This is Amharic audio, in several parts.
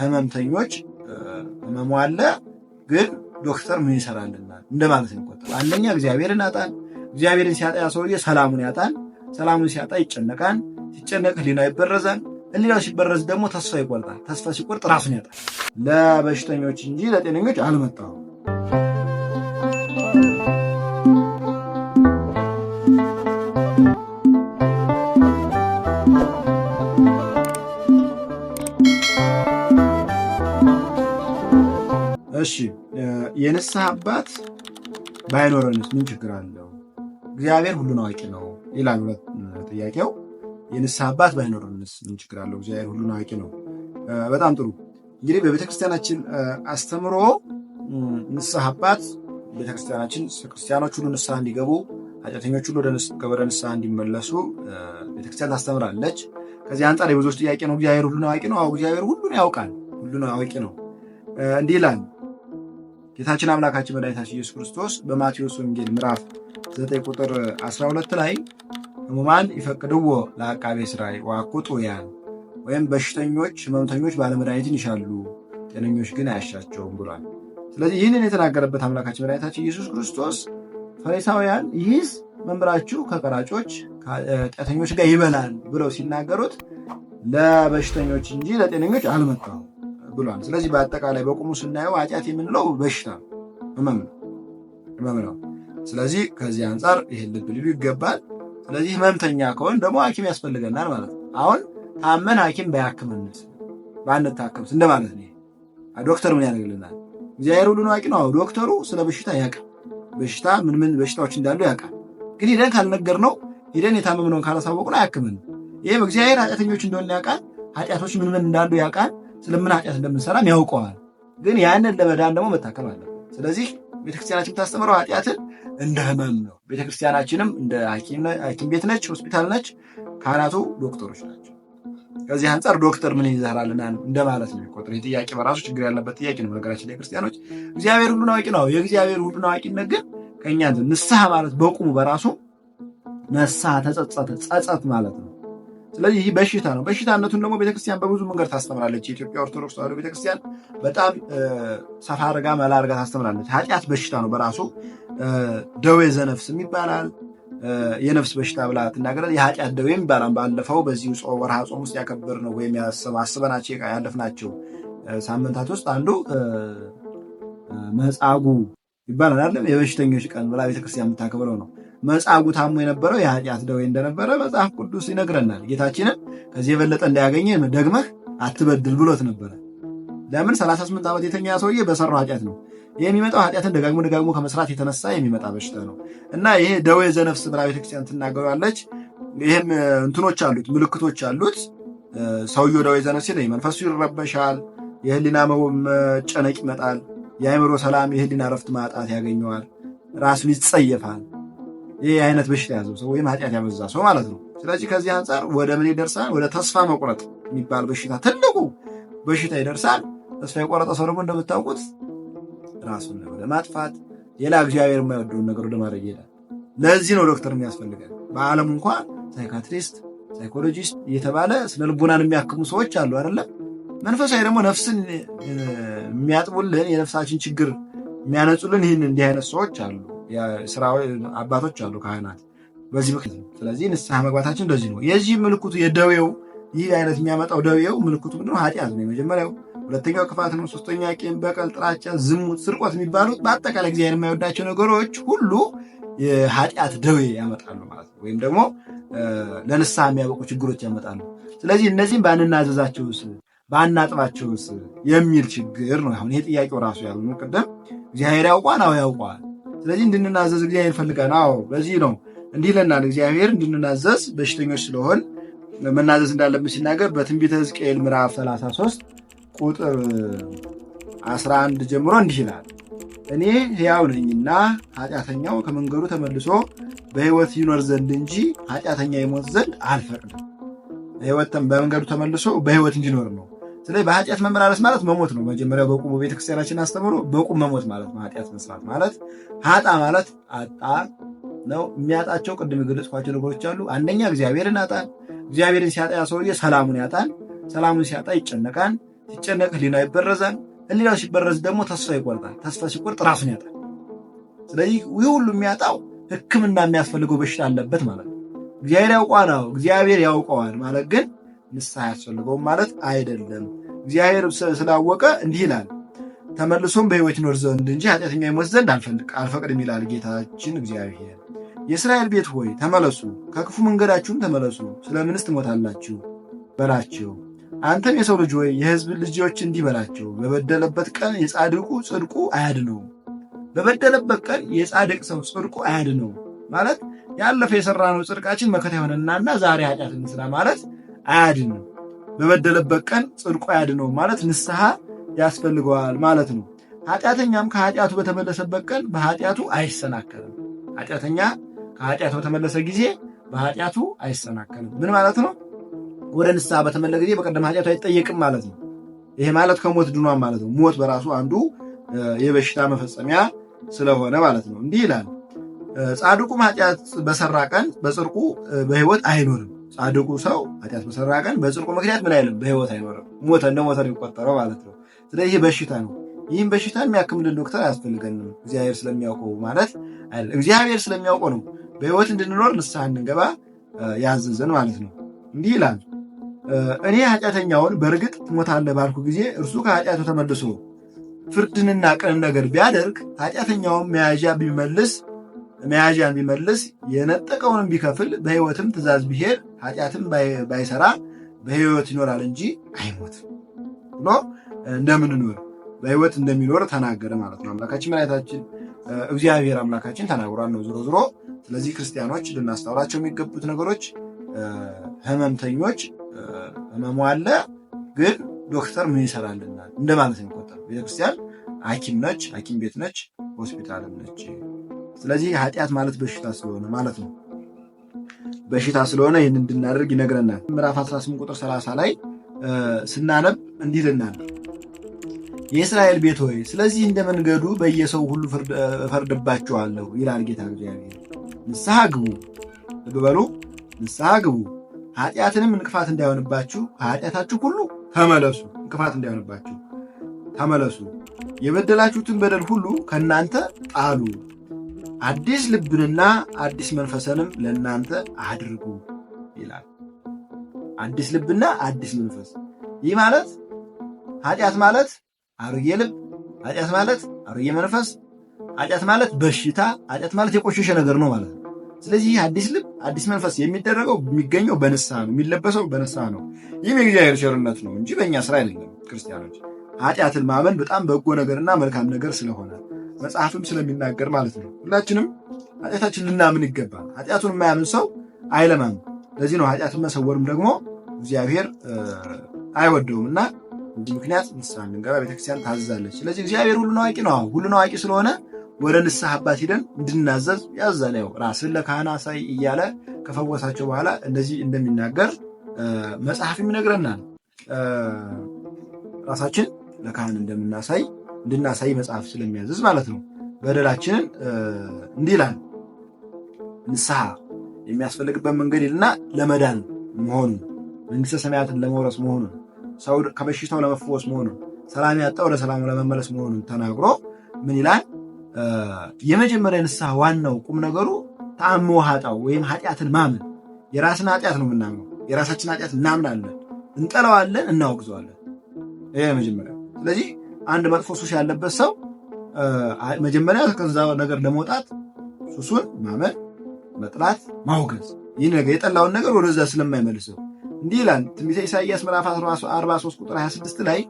ህመምተኞች ህመሙ አለ፣ ግን ዶክተር ምን ይሰራልናል እንደማለት ነው የሚቆጠረው። አንደኛ እግዚአብሔርን ያጣል። እግዚአብሔርን ሲያጣ ያ ሰውዬ ሰላሙን ያጣል። ሰላሙን ሲያጣ ይጨነቃል። ሲጨነቅ ህሊናው ይበረዛል። ህሊናው ሲበረዝ ደግሞ ተስፋ ይቆርጣል። ተስፋ ሲቆርጥ ራሱን ያጣል። ለበሽተኞች እንጂ ለጤነኞች አልመጣሁም እሺ የንስሐ አባት ባይኖረንስ ምን ችግር አለው? እግዚአብሔር ሁሉን አዋቂ ነው ይላል ጥያቄው። የንስሐ አባት ባይኖረንስ ምን ችግር አለው? እግዚአብሔር ሁሉን አዋቂ ነው። በጣም ጥሩ። እንግዲህ በቤተክርስቲያናችን አስተምሮ ንስሐ አባት ቤተክርስቲያናችን ክርስቲያኖች ሁሉ ንስሐ እንዲገቡ ኃጢአተኞች ሁሉ ወደ ንስሐ እንዲመለሱ ቤተክርስቲያን ታስተምራለች። ከዚህ አንጻር የብዙዎች ጥያቄ ነው፣ እግዚአብሔር ሁሉን አዋቂ ነው? አዎ እግዚአብሔር ሁሉን ያውቃል፣ ሁሉን አዋቂ ነው። እንዲህ ይላል ጌታችን አምላካችን መድኃኒታችን ኢየሱስ ክርስቶስ በማቴዎስ ወንጌል ምዕራፍ 9 ቁጥር 12 ላይ ህሙማን ይፈቅድዎ ለአቃቤ ሥራይ ወአቁጡ ወይም በሽተኞች ህመምተኞች ባለመድኃኒትን ይሻሉ፣ ጤነኞች ግን አያሻቸውም ብሏል። ስለዚህ ይህንን የተናገረበት አምላካችን መድኃኒታችን ኢየሱስ ክርስቶስ ፈሪሳውያን ይህስ መምህራችሁ ከቀራጮች ጤተኞች ጋር ይበላል ብለው ሲናገሩት ለበሽተኞች እንጂ ለጤነኞች አልመጣሁም ብሏል። ስለዚህ በአጠቃላይ በቁሙ ስናየው ኃጢአት የምንለው በሽታ ህመም ነው። ስለዚህ ከዚህ አንጻር ይህን ልብ ልዩ ይገባል። ስለዚህ ህመምተኛ ከሆን ደግሞ ሐኪም ያስፈልገናል ማለት ነው። አሁን ታመን ሐኪም ባያክምነት ባንታከምስ እንደማለት ነው። ዶክተር ምን ያደርግልናል? እግዚአብሔር ሁሉን አዋቂ ነው። ዶክተሩ ስለ በሽታ ያውቃል። በሽታ ምን ምን በሽታዎች እንዳሉ ያውቃል። ግን ሄደን ካልነገር ነው ሄደን የታመምነውን ካላሳወቁን አያክምን። ይህም እግዚአብሔር ኃጢአተኞች እንደሆነ ያውቃል። ኃጢአቶች ምን ምን እንዳሉ ያውቃል። ስለምን ኃጢአት እንደምንሰራም ያውቀዋል። ግን ያንን ለመዳን ደግሞ መታከም አለ። ስለዚህ ቤተክርስቲያናችን የምታስተምረው ኃጢአትን እንደ ህመም ነው። ቤተክርስቲያናችንም እንደ ሐኪም ቤት ነች፣ ሆስፒታል ነች። ካህናቱ ዶክተሮች ናቸው። ከዚህ አንጻር ዶክተር ምን ይዘራልና እንደማለት ነው የሚቆጥር። ይህ ጥያቄ በራሱ ችግር ያለበት ጥያቄ ነው። በነገራችን ላይ ክርስቲያኖች እግዚአብሔር ሁሉን አዋቂ ነው። የእግዚአብሔር ሁሉን አዋቂነት ግን ከእኛ ንስሐ ማለት በቁሙ በራሱ ነስሐ ተጸጸተ ጸጸት ማለት ነው። ስለዚህ ይህ በሽታ ነው። በሽታነቱን ደግሞ ቤተክርስቲያን በብዙ መንገድ ታስተምራለች። የኢትዮጵያ ኦርቶዶክስ ተዋሕዶ ቤተክርስቲያን በጣም ሰፋ አርጋ መላ አርጋ ታስተምራለች። ኃጢአት በሽታ ነው በራሱ ደዌ ዘነፍስም ይባላል። የነፍስ በሽታ ብላ ትናገራል። የኃጢአት ደዌም ይባላል። ባለፈው በዚህ ወርሃ ጾም ውስጥ ያከበር ነው ወይም አስበናቸው ያለፍናቸው ሳምንታት ውስጥ አንዱ መጻጉዕ ይባላል። የበሽተኞች ቀን ብላ ቤተክርስቲያን የምታከብረው ነው። መጻጉዕ ታሞ የነበረው የኃጢአት ደዌ እንደነበረ መጽሐፍ ቅዱስ ይነግረናል። ጌታችንን ከዚህ የበለጠ እንዳያገኘ ደግመህ አትበድል ብሎት ነበረ። ለምን 38 ዓመት የተኛ ሰውዬ በሰራው ኃጢአት ነው። ይህ የሚመጣው ኃጢአትን ደጋግሞ ደጋግሞ ከመስራት የተነሳ የሚመጣ በሽታ ነው እና ይሄ ደዌ ዘነፍስ ብላ ቤተክርስቲያን ትናገራለች። ይህም እንትኖች አሉት፣ ምልክቶች አሉት። ሰውየው ደዌ ዘነፍስ ሲለኝ መንፈሱ ይረበሻል፣ የህሊና መጨነቅ ይመጣል፣ የአእምሮ ሰላም፣ የህሊና ረፍት ማጣት ያገኘዋል፣ ራሱን ይጸየፋል ይህ አይነት በሽታ የያዘው ሰው ወይም ኃጢአት ያበዛ ሰው ማለት ነው። ስለዚህ ከዚህ አንጻር ወደ ምን ይደርሳል? ወደ ተስፋ መቁረጥ የሚባል በሽታ ትልቁ በሽታ ይደርሳል። ተስፋ የቆረጠ ሰው ደግሞ እንደምታውቁት ራሱን ወደ ማጥፋት፣ ሌላ እግዚአብሔር የማይወደውን ነገር ወደ ማድረግ ይሄዳል። ለዚህ ነው ዶክተር የሚያስፈልጋል። በዓለም እንኳን ሳይካትሪስት፣ ሳይኮሎጂስት እየተባለ ስለ ልቦናን የሚያክሙ ሰዎች አሉ አይደለም። መንፈሳዊ ደግሞ ነፍስን የሚያጥቡልን የነፍሳችን ችግር የሚያነጹልን ይህን እንዲህ አይነት ሰዎች አሉ። አባቶች አሉ ካህናት። በዚህ ምክንያት ነው። ስለዚህ ንስሐ መግባታችን እንደዚህ ነው። የዚህ ምልክቱ የደዌው ይህ አይነት የሚያመጣው ደዌው ምልክቱ ምንድነው? ኃጢአት ነው የመጀመሪያው። ሁለተኛው ክፋት ነው። ሶስተኛ ቂም፣ በቀል፣ ጥላቻ፣ ዝሙት፣ ስርቆት የሚባሉት በአጠቃላይ ጊዜ የማይወዳቸው ነገሮች ሁሉ የኃጢአት ደዌ ያመጣሉ ማለት ነው። ወይም ደግሞ ለንስሐ የሚያበቁ ችግሮች ያመጣሉ። ስለዚህ እነዚህም ባንናዘዛቸውስ ባናጥባቸውስ የሚል ችግር ነው። አሁን ይሄ ጥያቄው ራሱ ያሉ ቅደም እግዚአብሔር ያውቋል፣ አዎ ያውቋል ስለዚህ እንድንናዘዝ እግዚአብሔር ይፈልጋል። አዎ በዚህ ነው እንዲህ ይለናል እግዚአብሔር እንድንናዘዝ በሽተኞች ስለሆን መናዘዝ እንዳለብን ሲናገር በትንቢተ ሕዝቅኤል ምዕራፍ 33 ቁጥር 11 ጀምሮ እንዲህ ይላል እኔ ሕያው ነኝና ኃጢአተኛው ከመንገዱ ተመልሶ በሕይወት ይኖር ዘንድ እንጂ ኃጢአተኛ ይሞት ዘንድ አልፈቅድም። በመንገዱ ተመልሶ በሕይወት እንዲኖር ነው ስለዚህ በኃጢአት መመላለስ ማለት መሞት ነው። መጀመሪያ በቁሙ ቤተክርስቲያናችን አስተምሮ በቁም መሞት ማለት ነው። ኃጢአት መስራት ማለት ሀጣ ማለት አጣ ነው። የሚያጣቸው ቅድም የገለጽኳቸው ነገሮች አሉ። አንደኛ እግዚአብሔርን አጣን። እግዚአብሔርን ሲያጣ ያ ሰውዬ ሰላሙን ያጣን ሰላሙን ሲያጣ ይጨነቃን ሲጨነቅ ህሊናው ይበረዛል። ህሊናው ሲበረዝ ደግሞ ተስፋ ይቆርጣል። ተስፋ ሲቆርጥ ራሱን ያጣል። ስለዚህ ይህ ሁሉ የሚያጣው ሕክምና የሚያስፈልገው በሽታ አለበት ማለት ነው። እግዚአብሔር ያውቋ ነው። እግዚአብሔር ያውቀዋል ማለት ግን ንስሐ ያስፈልገውም ማለት አይደለም። እግዚአብሔር ስላወቀ እንዲህ ይላል፣ ተመልሶም በሕይወት ይኖር ዘንድ እንጂ ኃጢአተኛ ይሞት ዘንድ አልፈቅድም ይላል ጌታችን እግዚአብሔር። የእስራኤል ቤት ሆይ ተመለሱ፣ ከክፉ መንገዳችሁም ተመለሱ፣ ስለምንስ ትሞታላችሁ በላቸው። አንተም የሰው ልጅ ሆይ የሕዝብ ልጆች እንዲህ በላቸው፣ በበደለበት ቀን የጻድቁ ጽድቁ አያድነው። በበደለበት ቀን የጻድቅ ሰው ጽድቁ አያድነው ማለት ያለፈ የሰራነው ጽድቃችን መከታ የሆነናና ዛሬ ኃጢአት እንስራ ማለት አያድንም። በበደለበት ቀን ጽድቁ አያድነው ማለት ንስሐ ያስፈልገዋል ማለት ነው። ኃጢአተኛም ከኃጢአቱ በተመለሰበት ቀን በኃጢአቱ አይሰናከልም። ኃጢአተኛ ከኃጢአቱ በተመለሰ ጊዜ በኃጢአቱ አይሰናከልም። ምን ማለት ነው? ወደ ንስሐ በተመለ ጊዜ በቀደም ኃጢአቱ አይጠየቅም ማለት ነው። ይሄ ማለት ከሞት ድኗን ማለት ነው። ሞት በራሱ አንዱ የበሽታ መፈጸሚያ ስለሆነ ማለት ነው። እንዲህ ይላል፣ ጻድቁም ኃጢአት በሰራ ቀን በጽድቁ በሕይወት አይኖርም። ጻድቁ ሰው ኃጢአት በሰራ ቀን በጽድቁ ምክንያት ምን አይልም፣ በህይወት አይኖርም። ሞተ፣ እንደ ሞተ ይቆጠረው ማለት ነው። ስለዚህ ይህ በሽታ ነው። ይህም በሽታ የሚያክምልን ዶክተር አያስፈልገንም። እግዚአብሔር ስለሚያውቀው ማለት እግዚአብሔር ስለሚያውቀው ነው። በህይወት እንድንኖር ንስሐ እንገባ ያዘዘን ማለት ነው። እንዲህ ይላል፣ እኔ ኃጢአተኛውን በእርግጥ ትሞታለህ ባልኩ ጊዜ እርሱ ከኃጢአቱ ተመልሶ ፍርድንና ቅንን ነገር ቢያደርግ ኃጢአተኛውን መያዣ ቢመልስ መያዣን ቢመልስ የነጠቀውንም ቢከፍል በሕይወትም ትእዛዝ ቢሄድ ኃጢአትም ባይሰራ በሕይወት ይኖራል እንጂ አይሞትም ብሎ እንደምንኖር በሕይወት እንደሚኖር ተናገረ ማለት ነው። አምላካችን መድኃኒታችን እግዚአብሔር አምላካችን ተናግሯል ነው ዝሮ ዝሮ። ስለዚህ ክርስቲያኖች ልናስተውላቸው የሚገቡት ነገሮች ህመምተኞች ህመሙ አለ፣ ግን ዶክተር ምን ይሰራልናል እንደማለት የሚቆጠር ቤተክርስቲያን ሐኪም ነች፣ ሐኪም ቤት ነች፣ ሆስፒታልም ነች። ስለዚህ ኃጢአት ማለት በሽታ ስለሆነ ማለት ነው በሽታ ስለሆነ ይህን እንድናደርግ ይነግረናል። ምዕራፍ 18 ቁጥር 30 ላይ ስናነብ እንዲህ ልናል የእስራኤል ቤት ሆይ ስለዚህ እንደ መንገዱ በየሰው ሁሉ እፈርድባችኋለሁ ይላል ጌታ እግዚአብሔር። ንስሐ ግቡ፣ ልብ በሉ፣ ንስሐ ግቡ፣ ኃጢአትንም እንቅፋት እንዳይሆንባችሁ ከኃጢአታችሁ ሁሉ ተመለሱ፣ እንቅፋት እንዳይሆንባችሁ ተመለሱ፣ የበደላችሁትን በደል ሁሉ ከእናንተ ጣሉ አዲስ ልብንና አዲስ መንፈስንም ለእናንተ አድርጉ ይላል። አዲስ ልብና አዲስ መንፈስ። ይህ ማለት ኃጢአት ማለት አሮጌ ልብ፣ ኃጢአት ማለት አሮጌ መንፈስ፣ ኃጢአት ማለት በሽታ፣ ኃጢአት ማለት የቆሸሸ ነገር ነው ማለት ነው። ስለዚህ ይህ አዲስ ልብ አዲስ መንፈስ የሚደረገው የሚገኘው በንስሐ ነው፣ የሚለበሰው በንስሐ ነው። ይህም የእግዚአብሔር ቸርነት ነው እንጂ በእኛ ስራ አይደለም። ክርስቲያኖች ኃጢአትን ማመን በጣም በጎ ነገርና መልካም ነገር ስለሆነ መጽሐፍም ስለሚናገር ማለት ነው። ሁላችንም ኃጢአታችን ልናምን ይገባል። ኃጢአቱን የማያምን ሰው አይለማም። ለዚህ ነው ኃጢአትን መሰወርም ደግሞ እግዚአብሔር አይወደውም እና እንዲህ ምክንያት ንስሐ እንድንገባ ቤተክርስቲያን ታዝዛለች። ስለዚህ እግዚአብሔር ሁሉን አዋቂ ነው። ሁሉን አዋቂ ስለሆነ ወደ ንስሐ አባት ሂደን እንድናዘዝ ያዛል። ያው ራስን ለካህን አሳይ እያለ ከፈወሳቸው በኋላ እንደዚህ እንደሚናገር መጽሐፍም ይነግረናል። ራሳችን ለካህን እንደምናሳይ እንድናሳይ መጽሐፍ ስለሚያዝዝ ማለት ነው። በደላችንን እንዲህ ይላል ንስሐ የሚያስፈልግበት መንገድ ይልና ለመዳን መሆኑ መንግስተ ሰማያትን ለመውረስ መሆኑን ሰው ከበሽታው ለመፈወስ መሆኑን ሰላም ያጣ ወደ ሰላሙ ለመመለስ መሆኑን ተናግሮ ምን ይላል? የመጀመሪያ ንስሐ ዋናው ቁም ነገሩ ተአም ውሃጣው ወይም ኃጢአትን ማመን የራስን ኃጢአት ነው የምናምነው። የራሳችን ኃጢአት እናምናለን፣ እንጠለዋለን እናወግዘዋለን። ይሄ መጀመሪያ ስለዚህ አንድ መጥፎ ሱስ ያለበት ሰው መጀመሪያ ከዛ ነገር ለመውጣት ሱሱን ማመን፣ መጥላት፣ ማውገዝ ይህ ነገር የጠላውን ነገር ወደዛ ስለማይመልሰው እንዲህ ይላል ትንቢተ ኢሳይያስ ምዕራፍ 43 ቁጥር 26 ላይ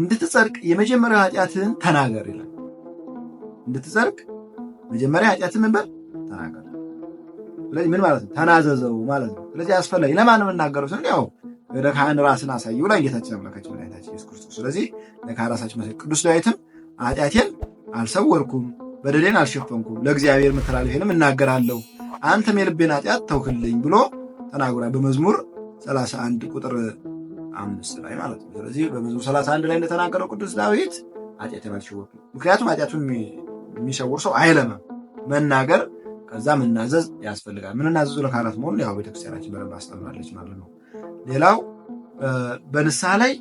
እንድትጸድቅ የመጀመሪያ ኃጢአትህን ተናገር ይላል። እንድትጸድቅ መጀመሪያ ኃጢአትህን ምን በል ተናገር። ስለዚህ ምን ማለት ነው? ተናዘዘው ማለት ነው። ስለዚህ አስፈላጊ ለማን የምናገረው ስንል ያው ለካህን ራስን አሳየው ላይ ጌታችን አምላካችን መድኃኒታችን ኢየሱስ ክርስቶስ። ስለዚህ ለካህን ራሳችን መሳይ ቅዱስ ዳዊትም ኃጢአቴን አልሰወርኩም፣ በደሌን አልሸፈንኩም፣ ለእግዚአብሔር መተላለፌንም እናገራለሁ፣ አንተም የልቤን ኃጢአት ተውክልኝ ብሎ ተናግሯል በመዝሙር 31 ቁጥር አምስት ላይ ማለት ነው። ስለዚህ በመዝሙር 31 ላይ እንደተናገረው ቅዱስ ዳዊት ኃጢአቴን አልሸወርኩም። ምክንያቱም ኃጢአቱን የሚሰውር ሰው አይለምም መናገር ከዛ መናዘዝ ያስፈልጋል። ምንናዘዙ ለካህናት መሆኑ ያው ቤተክርስቲያናችን በደንብ አስተምራለች ማለት ነው። ሌላው በንስሐ ላይ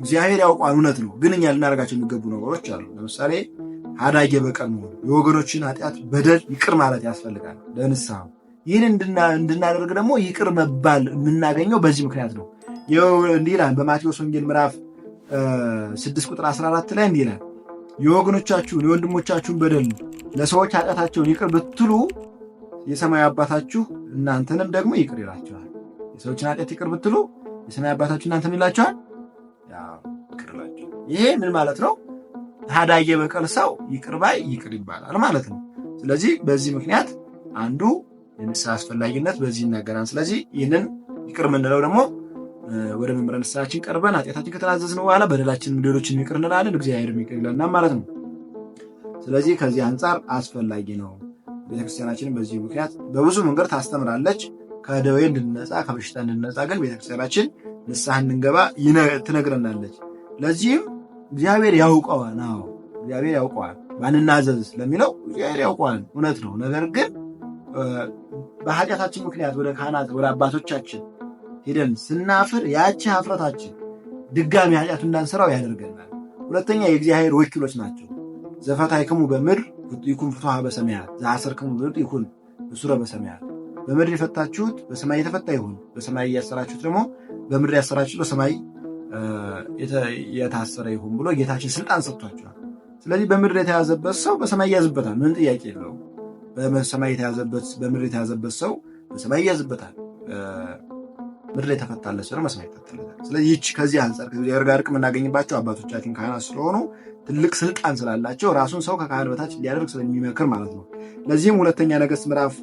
እግዚአብሔር ያውቋል፣ እውነት ነው። ግን እኛ ልናደርጋቸው የሚገቡ ነገሮች አሉ። ለምሳሌ አዳጌ በቀል መሆኑ፣ የወገኖችን ኃጢአት በደል ይቅር ማለት ያስፈልጋል ለንስሐ ይህን እንድናደርግ ደግሞ ይቅር መባል የምናገኘው በዚህ ምክንያት ነው። እንዲህ ይላል በማቴዎስ ወንጌል ምዕራፍ 6 ቁጥር 14 ላይ እንዲህ ይላል የወገኖቻችሁን የወንድሞቻችሁን በደል ለሰዎች ኃጢአታቸውን ይቅር ብትሉ የሰማይ አባታችሁ እናንተንም ደግሞ ይቅር ይላችኋል። የሰዎችን ኃጢአት ይቅር ብትሉ የሰማይ አባታችሁ እናንተን ይላችኋል ይቅር ይሄ ምን ማለት ነው? ታዳየ በቀል ሰው ይቅር ባይ ይቅር ይባላል ማለት ነው። ስለዚህ በዚህ ምክንያት አንዱ የንስሐ አስፈላጊነት በዚህ ይናገራል። ስለዚህ ይህንን ይቅር የምንለው ደግሞ ወደ መምህረ ንስሐችን ቀርበን ኃጢአታችን ከተናዘዝን በኋላ በደላችን ሌሎችን ይቅር እንላለን፣ እግዚአብሔር ይቅር ይለናል ማለት ነው። ስለዚህ ከዚህ አንጻር አስፈላጊ ነው። ቤተክርስቲያናችን በዚህ ምክንያት በብዙ መንገድ ታስተምራለች። ከደዌ እንድንነጻ ከበሽታ እንድንነጻ ግን ቤተክርስቲያናችን ንስሐ እንድንገባ ትነግረናለች። ለዚህም እግዚአብሔር ያውቀዋል ነው እግዚአብሔር ያውቀዋል። ባንናዘዝ ስለሚለው እግዚአብሔር ያውቀዋል፣ እውነት ነው። ነገር ግን በኃጢአታችን ምክንያት ወደ ካህናት ወደ አባቶቻችን ሄደን ስናፍር ያቺ ሀፍረታችን ድጋሚ ኃጢአቱ እንዳንሰራው ያደርገናል። ሁለተኛ የእግዚአብሔር ወኪሎች ናቸው። ዘፈታሕክሙ በምድር ይኩን ፍትሐ በሰማያት ዘአሰርክሙ በምድር ይኩን ብሱረ በሰማያት በምድር የፈታችሁት በሰማይ የተፈታ ይሁን፣ በሰማይ እያሰራችሁት ደግሞ በምድር ያሰራችሁት በሰማይ የታሰረ ይሁን ብሎ ጌታችን ስልጣን ሰጥቷቸዋል። ስለዚህ በምድር የተያዘበት ሰው በሰማይ እያዝበታል ምን ጥያቄ የለው። በሰማይ የተያዘበት በምድር የተያዘበት ሰው በሰማይ እያዝበታል ምድር ላይ ተፈታለ ስለ መስማት ይፈታለታል። ስለዚህ ይህች ከዚህ አንጻር ከእግዚአብሔር ጋር እርቅ የምናገኝባቸው አባቶቻችን ካህናት ስለሆኑ ትልቅ ስልጣን ስላላቸው ራሱን ሰው ከካህን በታች እንዲያደርግ ስለሚመክር ማለት ነው። ለዚህም ሁለተኛ ነገስት ምዕራፍ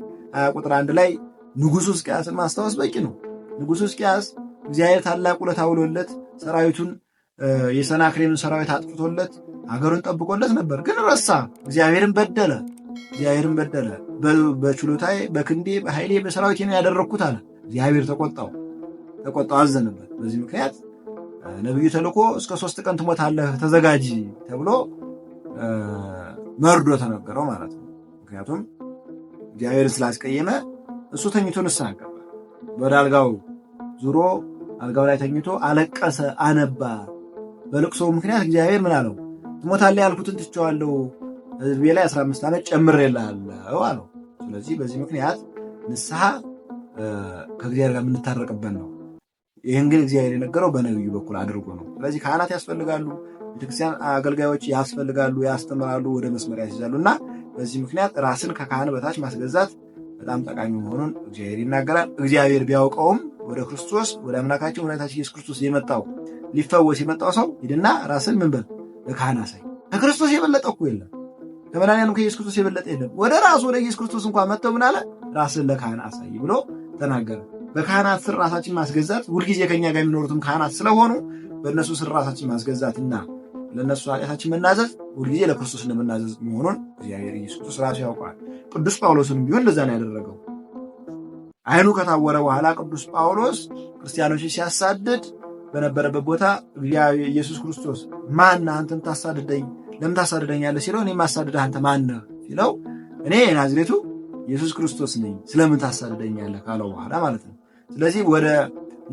ቁጥር አንድ ላይ ንጉሱ ሕዝቅያስን ማስታወስ በቂ ነው። ንጉሱ ሕዝቅያስ እግዚአብሔር ታላቅ ውለታ ውሎለት ሰራዊቱን የሰናክሬምን ሰራዊት አጥፍቶለት ሀገሩን ጠብቆለት ነበር። ግን ረሳ። እግዚአብሔርን በደለ። እግዚአብሔርን በደለ። በችሎታዬ፣ በክንዴ፣ በኃይሌ፣ በሰራዊቴ ነው ያደረግኩት አለ። እግዚአብሔር ተቆጣው። ተቆጣው፣ አዘንበት። በዚህ ምክንያት ነቢዩ ተልኮ እስከ ሶስት ቀን ትሞታለህ ተዘጋጂ ተብሎ መርዶ ተነገረው ማለት ነው። ምክንያቱም እግዚአብሔርን ስላስቀየመ እሱ ተኝቶ ንስሐ ገባ። ወደ አልጋው ዙሮ አልጋው ላይ ተኝቶ አለቀሰ፣ አነባ። በልቅሶ ምክንያት እግዚአብሔር ምን አለው? ትሞታለህ ያልኩትን ትቼዋለሁ፣ ሕዝቤ ላይ 15 ዓመት ጨምሬልሃለሁ አለው። ስለዚህ በዚህ ምክንያት ንስሐ ከእግዚአብሔር ጋር የምንታረቅበት ነው። ይህን ግን እግዚአብሔር የነገረው በነቢዩ በኩል አድርጎ ነው። ስለዚህ ካህናት ያስፈልጋሉ፣ ቤተክርስቲያን አገልጋዮች ያስፈልጋሉ፣ ያስተምራሉ፣ ወደ መስመር ያስይዛሉ እና በዚህ ምክንያት ራስን ከካህን በታች ማስገዛት በጣም ጠቃሚ መሆኑን እግዚአብሔር ይናገራል። እግዚአብሔር ቢያውቀውም ወደ ክርስቶስ ወደ አምላካችን ሁኔታችን ኢየሱስ ክርስቶስ የመጣው ሊፈወስ የመጣው ሰው ሂድና ራስን ምን በል ለካህን አሳይ። ከክርስቶስ የበለጠ እኮ የለም፣ ከመድኃኒዓለም ከኢየሱስ ክርስቶስ የበለጠ የለም። ወደ ራሱ ወደ ኢየሱስ ክርስቶስ እንኳን መጥተው ምን አለ ራስን ለካህን አሳይ ብሎ ተናገረ። በካህናት ስር ራሳችን ማስገዛት ሁልጊዜ ከኛ ጋር የሚኖሩትም ካህናት ስለሆኑ በእነሱ ስር ራሳችን ማስገዛትና ለእነሱ ኃጢአታችን መናዘዝ ሁልጊዜ ለክርስቶስ እንደመናዘዝ መሆኑን እግዚአብሔር ኢየሱስ ክርስቶስ ራሱ ያውቀዋል። ቅዱስ ጳውሎስንም ቢሆን እንደዛ ነው ያደረገው። አይኑ ከታወረ በኋላ ቅዱስ ጳውሎስ ክርስቲያኖች ሲያሳድድ በነበረበት ቦታ እግዚአብሔር ኢየሱስ ክርስቶስ ማን አንተን ታሳድደኝ ለምን ታሳድደኛለህ ሲለው እኔ ማሳድደህ አንተ ማነህ ሲለው እኔ ናዝሬቱ ኢየሱስ ክርስቶስ ነኝ ስለምን ታሳድደኛለህ ካለው በኋላ ማለት ነው ስለዚህ ወደ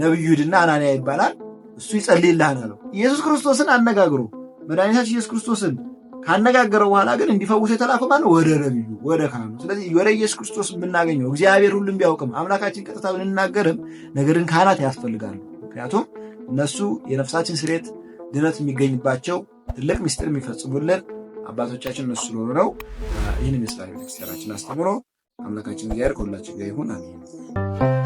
ነብዩ ድና አናንያ ይባላል እሱ ይጸልይልሃል አለው። ኢየሱስ ክርስቶስን አነጋግሮ መድኃኒታችን ኢየሱስ ክርስቶስን ካነጋገረው በኋላ ግን እንዲፈውስ የተላከ ማነው? ወደ ነቢዩ ወደ ካህኑ። ስለዚህ ወደ ኢየሱስ ክርስቶስ የምናገኘው እግዚአብሔር ሁሉም ቢያውቅም አምላካችን ቀጥታ ብንናገርም ነገር ግን ካህናት ያስፈልጋሉ። ምክንያቱም እነሱ የነፍሳችን ስሬት ድነት የሚገኝባቸው ትልቅ ምስጢር የሚፈጽሙልን አባቶቻችን እነሱ ስለሆኑ ነው። ይህን ምስላ ቤተክርስቲያናችን አስተምሮ አምላካችን እግዚአብሔር ከሁላችን ጋር ይሁን። አሜን።